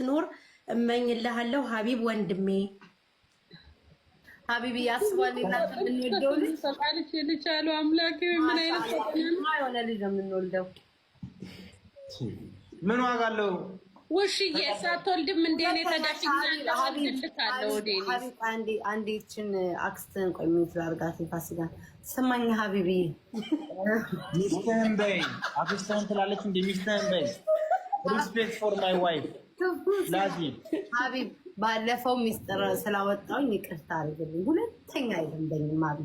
ስትኖር እመኝልሃለሁ። ሀቢብ ወንድሜ ሀቢብ ያስባል እናት የምንወልደው ልጅ አሉ አምላክ ምን አይነት የሆነ ልጅ የምንወልደው ምን ዋጋ አለው? ውሽዬ ሳትወልድም እንደኔ ተዳሽኛለሁ። አንዴ አንዴ እቺን አክስትን ቆይ ምን ትላርጋት ፋሲካን ስማኝ ሀቢቢ ሚስትህን በይ አክስትን ትላለች እንደ ሚስትህን በይ ሪስፔክት ፎር ማይ ዋይፍ ሀቢብ ባለፈው ሚስጥር ስላወጣሁኝ ይቅርታ አድርግልኝ። ሁለተኛ አይደንበኝም። አቢ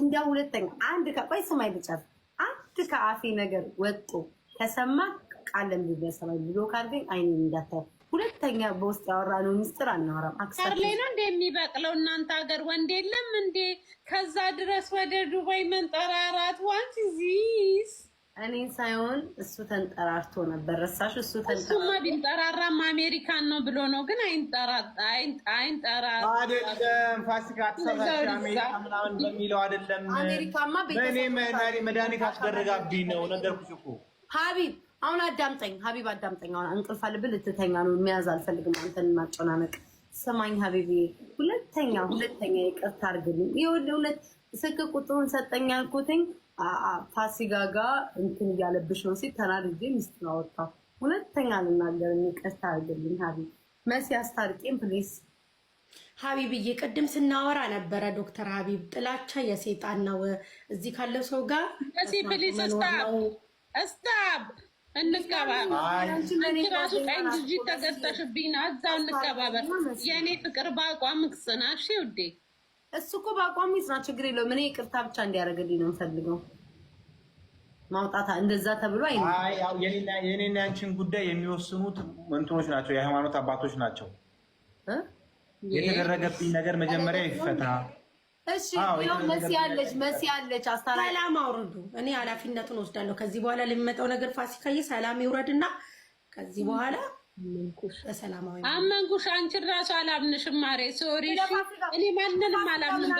እንዲያው ሁለተኛ አንድ ቆይ ስማይ ልጨርስ። አንድ ከአፌ ነገር ወጡ ከሰማ ቃለን ቢበሰማይ ብሎ ካርገኝ አይኔ እንዳታየ። ሁለተኛ በውስጥ ያወራ ነው ሚስጥር አናወራም። አክሰርሌ ነው እንደ የሚበቅለው እናንተ ሀገር ወንድ የለም እንዴ? ከዛ ድረስ ወደ ዱባይ መንጠራራት ዋንት ዚስ እኔን ሳይሆን እሱ ተንጠራርቶ ነበር። ረሳሽ? እሱ እሱማ ቢንጠራራም አሜሪካን ነው ብሎ ነው። ግን አይንጠራአይንጠራ ፋሲካ አትሰራሽ። አሜሪካ ምናምን በሚለው አይደለም። አሜሪካማ በእኔ መድኃኒት አስደረጋብኝ ነው። ነገርኩሽ እኮ ሀቢብ። አሁን አዳምጠኝ ሀቢብ፣ አዳምጠኝ። አሁን እንቅልፍ አልብል ልትተኛ ነው። መያዝ አልፈልግም አንተን ማጨናነቅ። ስማኝ ሀቢቢ፣ ሁለተኛ ሁለተኛ ይቅርታ አድርግልኝ። ይኸውልህ ሁለት ስልክ ቁጥሩን ሰጠኝ አልኩትኝ ፋሲካ ጋር እንትን እያለብሽ ነው ሲል ተናድጄ ሚስቱን አወጣሁ። ሁለተኛ ልናገር ይቅርታ አድርግልኝ ሀቢ መሲ አስታርቄም ፕሊስ ሀቢብዬ ቅድም ስናወራ ነበረ ዶክተር ሀቢብ ጥላቻ የሴጣን ነው። እዚህ ካለው ሰው ጋር መሲ ፕሌስ ስታብ ስታብ እንቀባበል ራሱ ቀይ ልጅ ተገጠሽብኝ። እዛው እንቀባበል የእኔ ፍቅር በአቋም ምቅጽና እሺ ውዴ እሱ እኮ በአቋሙ ይጽና፣ ችግር የለውም። እኔ ይቅርታ ብቻ እንዲያደርግልኝ ነው የምፈልገው። ማውጣታ እንደዛ ተብሎ አይ፣ የኔና ያንቺን ጉዳይ የሚወስኑት እንትኖች ናቸው፣ የሃይማኖት አባቶች ናቸው። የተደረገብኝ ነገር መጀመሪያ ይፈታ። እሺ፣ ያው መሲ አለች፣ መሲ አለች። አስታራ ሰላም አውርዱ። እኔ ኃላፊነቱን ወስዳለሁ። ከዚህ በኋላ ለሚመጣው ነገር ፋሲካዬ ሰላም ይውረድና ከዚህ በኋላ አመንኩሽ። አንቺ ራሱ አላምንሽም ማሬ። ሶሪ እኔ ማንንም አላምንም።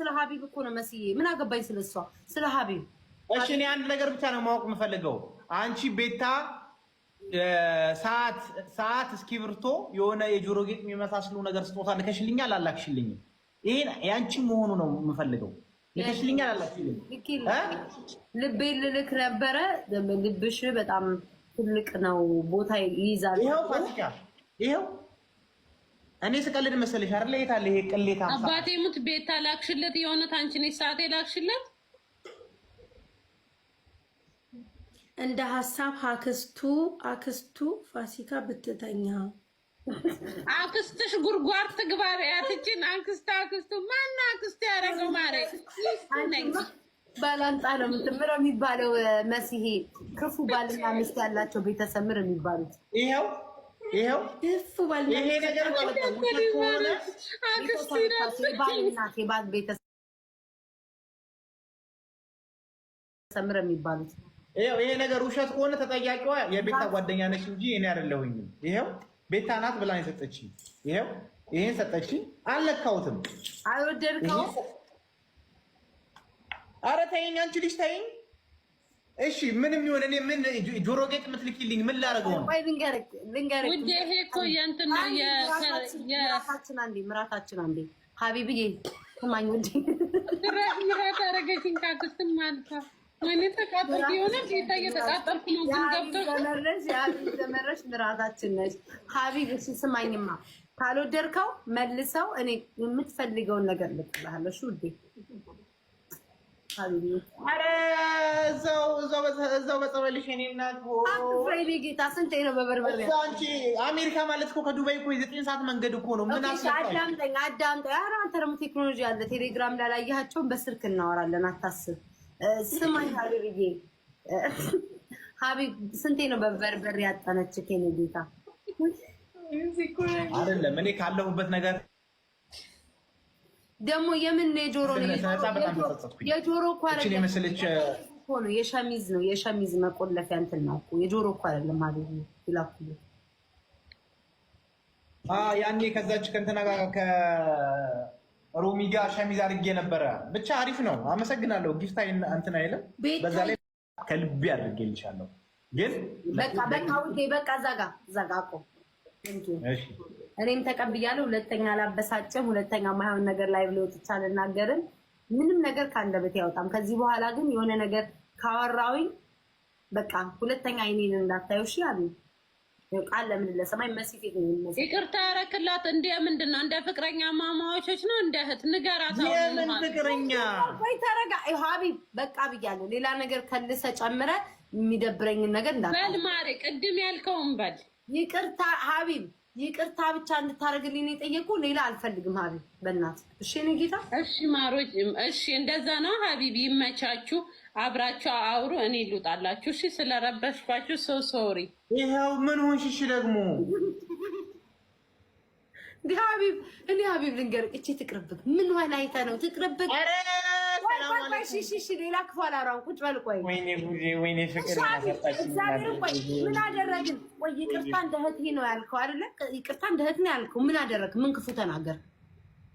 ስለ ሀቢብ እኮ ነው መስዬ፣ ምን አገባኝ ስለሷ ስለ ሀቢብ። እሺ እኔ አንድ ነገር ብቻ ነው ማወቅ የምፈልገው። አንቺ ቤታ ሰዓት ሰዓት እስክሪብቶ የሆነ የጆሮ ጌጥ የሚመሳስሉ ነገር ስጦታ ልከሽልኛል አላክሽልኝም? ይሄን የአንቺ መሆኑ ነው የምፈልገው። ልከሽልኛል አላክሽልኝም? ልቤ ልልክ ነበረ። ልብሽ በጣም ትልቅ ነው ቦታ ይይዛል። ይኸው ፋሲካ ይኸው እኔ ስቀልድ መሰለሽ አይደል? የት አለ ይሄ ቅሌታ? አባቴ ሙት ቤታ ላክሽለት የሆነት አንቺ ነሽ ሰዓቴ ላክሽለት። እንደ ሀሳብ አክስቱ አክስቱ ፋሲካ ብትተኛ አክስትሽ ጉርጓር ትግባር ያትችን አንክስታ አክስቱ ማና አክስት ያደረገው ማረ ባላንጣ ነው ምትምረው የሚባለው መሲሄ ክፉ ባልና ሚስት ያላቸው ቤተሰብ ምር የሚባሉት ይኸው ይኸው ክፉ ባልና ይሄ ነገር ባል ቤተሰብ ምር የሚባሉት ይሄ ነገር ውሸት ከሆነ ተጠያቂዋ የቤታ ጓደኛ ነች እንጂ እኔ አይደለሁኝም። ይኸው ቤታ ናት ብላ የሰጠችኝ። ይኸው ይሄን ሰጠች። አልለካሁትም። አልወደድከው አረ ተይኝ፣ አንቺ ልጅ ተይኝ። እሺ ምንም ይሁን እኔ ምን ጆሮ ጌጥ የምትልኪልኝ ምን ላደርገው ነው? ቆይ ልንገርህ ልንገርህ ውዴ፣ ይሄ እኮ የእንትን ነው የምራታችን። አንዴ ምራታችን አንዴ ሀቢብዬ ስማኝ ውዴ፣ ምራት ምራት አደረገሽኝ ካክስትም ማለት ነው። ወይኔ ተቃጠልኩ። የሆነ ጌታ እየተቃጠልኩ ነው። ግን ገብቶ ዘመረሽ የሀቢብ ዘመረሽ ምራታችን ነሽ ሀቢብ። እሺ ስማኝማ ካልወደድከው መልሰው እኔ የምትፈልገውን ነገር ልክልሃለሽ ውዴ እዛው በጸበልሽ የእኔ ጌታ ስንቴ ነው በበርበሬ አንቺ አሜሪካ ማለት እኮ ከዱባይ እኮ የዘጠኝ ሰዓት መንገድ እኮ ነው ምን አዳምጠኝ አዳምጠኝ ኧረ አንተ ደግሞ ቴክኖሎጂ አለ ቴሌግራም ላይ ያያቸውን በስልክ እናወራለን አታስብ ስማኝ ሀቢብዬ ሀቢብ ስንቴ ነው በበርበሬ ያጠነች ኬኔ ጌታ አይደለም እኔ ካለሁበት ነገር ደግሞ የምን ነው የጆሮ ነው የጆሮ እኮ ነው የሸሚዝ ነው የሸሚዝ መቆለፊያ እንትን ነው እኮ የጆሮ እኮ አይደለም ማለት ነው ይላኩሉ ያኔ ከዛች ከእንትና ጋር ከሮሚ ጋር ሸሚዝ አድርጌ ነበረ። ብቻ አሪፍ ነው። አመሰግናለሁ። ጊፍታ እንትን አይልም። በዛ ላይ ከልቤ አድርጌልሻለሁ። ግን በቃ በቃ ውዴ በቃ ዛጋ ዛጋ እኮ እኔም ተቀብያለሁ። ሁለተኛ አላበሳጭም። ሁለተኛ ማይሆን ነገር ላይ ብሎ ወጥቻ አልናገርም። ምንም ነገር ከአንደበቴ ያወጣም። ከዚህ በኋላ ግን የሆነ ነገር ካወራሁኝ በቃ ሁለተኛ አይኔን እንዳታዩ ሺ አሉ ቃል ለምን ለሰማይ መስፊት ነው። ይቅርታ ያረክላት እንደ ምንድን ነው እንደ ፍቅረኛ ማማዎቾች ነው እንደ እህት ንገራት። የምን ፍቅረኛ ወይ ተረጋ ሀቢብ በቃ ብያለሁ። ሌላ ነገር ከልሰ ጨምረ የሚደብረኝን ነገር እንዳበል ማሪ ቅድም ያልከውን በል ይቅርታ ሀቢብ ይቅርታ ብቻ እንድታደርግልኝ የጠየቁ ሌላ አልፈልግም። ሀቢ በእናት እሺ፣ ነው ጌታ። እሺ ማሮች፣ እሺ እንደዛ ነው ሀቢብ። ይመቻችሁ፣ አብራችሁ አውሩ። እኔ ልውጣላችሁ። እሺ፣ ስለረበሽኳችሁ ሶ ሶሪ። ይኸው ምን ሆንሽሽ እሺ፣ ደግሞ ሀቢብ እኔ ሀቢብ ልንገርቅ፣ እቺ ትቅርብክ። ምን ሆነ አይተ ነው ትቅርብብ ሌላ ክፉ አላወራም። ቁጭ በል ቆይ። ወይኔ ፍቅር እግዚአብሔርን ቆይ ምን አደረግን? ቆይ ይቅርታ እንደ እህት ነው ያልከው አይደለ? ይቅርታ እንደ እህት ነው ያልከው። ምን አደረግ ምን ክፉ ተናገር?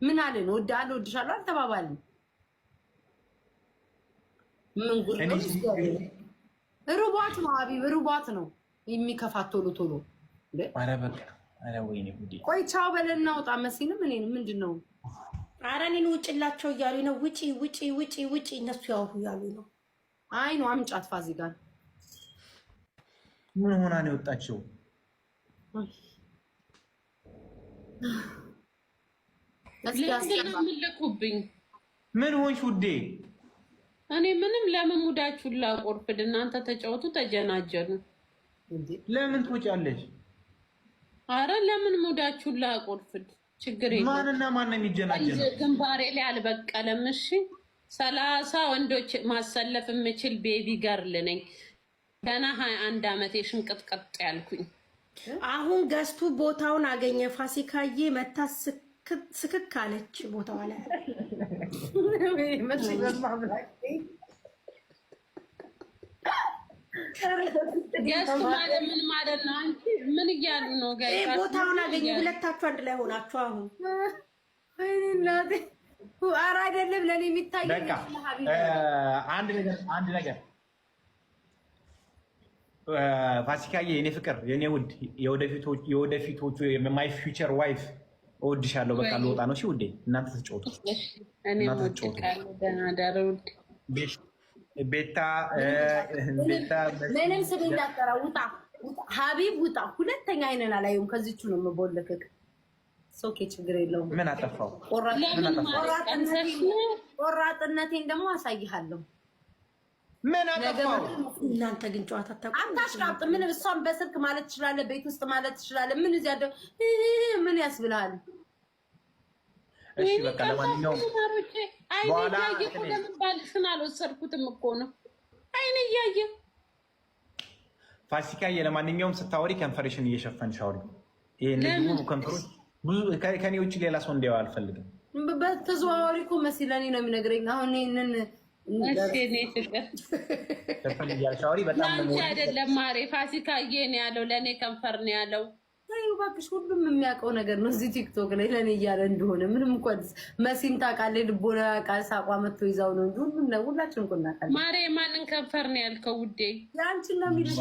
ምን አለን? እወድሃለሁ፣ እወድሻለሁ አልተባባልን። ምን ጉድ ነው? ሩቧት ነው ሀቢብ፣ ሩቧት ነው የሚከፋት ቶሎ ቶሎ። ቆይ ቻው በለና ውጣ። መሲንም እኔን ምንድን ነው ኧረ እኔን ውጭላቸው እያሉ ነው። ውጪ ውጪ ውጪ ውጪ እነሱ ያወሩ እያሉ ነው። አይ ነው አምጫት ፋዚ ጋር ምን ሆና ነው የወጣችው? ምልኩብኝ ምን ሆንሽ ውዴ? እኔ ምንም ለምን ሙዳችሁ ላቆርፍድ እናንተ ተጫወቱ፣ ተጀናጀኑ? ለምን ትወጫለሽ? አረ ለምን ሙዳችሁላ ላቆርፍድ ችግር ማንና ማን የሚጀናጀን? ግንባሬ ላይ አልበቀለም። እሺ ሰላሳ ወንዶች ማሰለፍ የምችል ቤቢ ገርል ነኝ። ገና ሀያ አንድ አመት የሽንቅጥቀጥ ያልኩኝ። አሁን ገዝቱ ቦታውን አገኘ። ፋሲካዬ መታ ስክክ አለች ቦታዋ ላይ ምን ማለት ነው? ምን እያሉ ነው? ቦታውን አገኘ። ሁለታችሁ አንድ ላይ ሆናችሁ አሁን ኧረ አይደለም። ለእኔ የሚታየው አንድ ነገር ፋሲካዬ፣ የኔ ፍቅር፣ የኔ ውድ፣ የወደፊቶቹ የማይ ፊውቸር ዋይፍ እወድሻለሁ። በቃ ልወጣ ነው። እሺ ውዴ፣ እናንተ ትጫወቱ፣ እናንተ ትጫወቱ። ቤታ ቤታ ምንም ስም እንዳትጠራ ውጣ፣ ሀቢብ ውጣ። ሁለተኛ አይነን አላየሁም። ከዚቹ ነው የምቦልክክ። ሶኬ ችግር የለውም። ምን አጠፋው? ቆራጥነቴን ደግሞ አሳይሃለሁ። ምን አጠፋው? እናንተ ግን ጨዋታ አታሽቃብጥ። ምን እሷን በስልክ ማለት ትችላለህ፣ ቤት ውስጥ ማለት ትችላለህ። ምን እዚያ ምን ያስብልሃል? እሺ በቃ ለማንኛውም ለምን አልወሰድኩትም እኮ ነው እያየ ፋሲካዬ። ለማንኛውም ስታወሪ ከንፈርሽን እየሸፈንሽ አውሪ። ይሄ ከንፈሮች ከኔ ውጭ ሌላ ሰው እንዲያው አልፈልግም። በተዘዋዋሪ እኮ መሲ ለእኔ ነው የሚነግረኝ። አሁን ይህንን ፍቅር ሸፈን አይደለም ማሬ ፋሲካዬ ነው ያለው፣ ለእኔ ከንፈር ነው ያለው። ተይው እባክሽ፣ ሁሉም የሚያውቀው ነገር ነው እዚህ ቲክቶክ ላይ ለእኔ እያለ እንደሆነ ምንም እንኳ መሲን ታውቃለህ፣ ልቦና ያውቃል፣ ሳቋ መቶ ይዛው ነው እንጂ ሁሉም ነው ሁላችን እኮ እናውቃለን። ማሬ ማንን ከንፈር ነው ያልከው ውዴ? የአንቺን ነው የሚልሽ።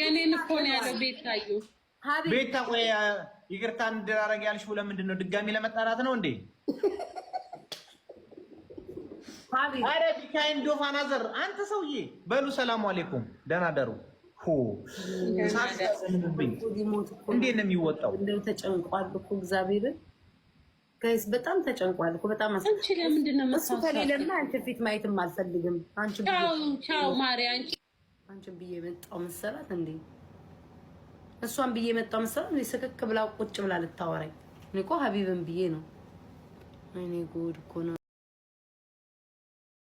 የእኔን እኮ ነው ያለው። ቤት ታዩ ቤታ፣ ቆይ ይቅርታ እንድራረግ ያልሽው ለምንድን ነው? ድጋሚ ለመጣላት ነው እንዴ? አረ ዶፋ ናዘር አንተ ሰውዬ፣ በሉ ሰላሙ አሌይኩም፣ ደህና ደሩ። እንዴት ነው የሚወጣው? እንደው ተጨንቋል እኮ እግዚአብሔርን በጣም ተጨንቋል እኮ በጣም አንቺ ለምንድን ነው ከሌለና አንቺ ፊት ማየትም አልፈልግም። አንቺ ቻው ቻው ማሪ አንቺ ብዬ መጣው መሰላት እንዴ እሷን ብዬ መጣው መሰላት እንዴ ስክክ ብላ ቁጭ ብላ ልታወራኝ እኔ እኮ ሀቢብን ብዬ ነው። እኔ ጉድ እኮ ነው።